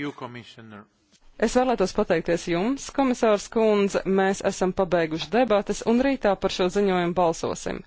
You, es vēlētos pateikties jums, komisārs kundze, mēs esam pabeiguši debates un rītā par šo ziņojumu balsosim.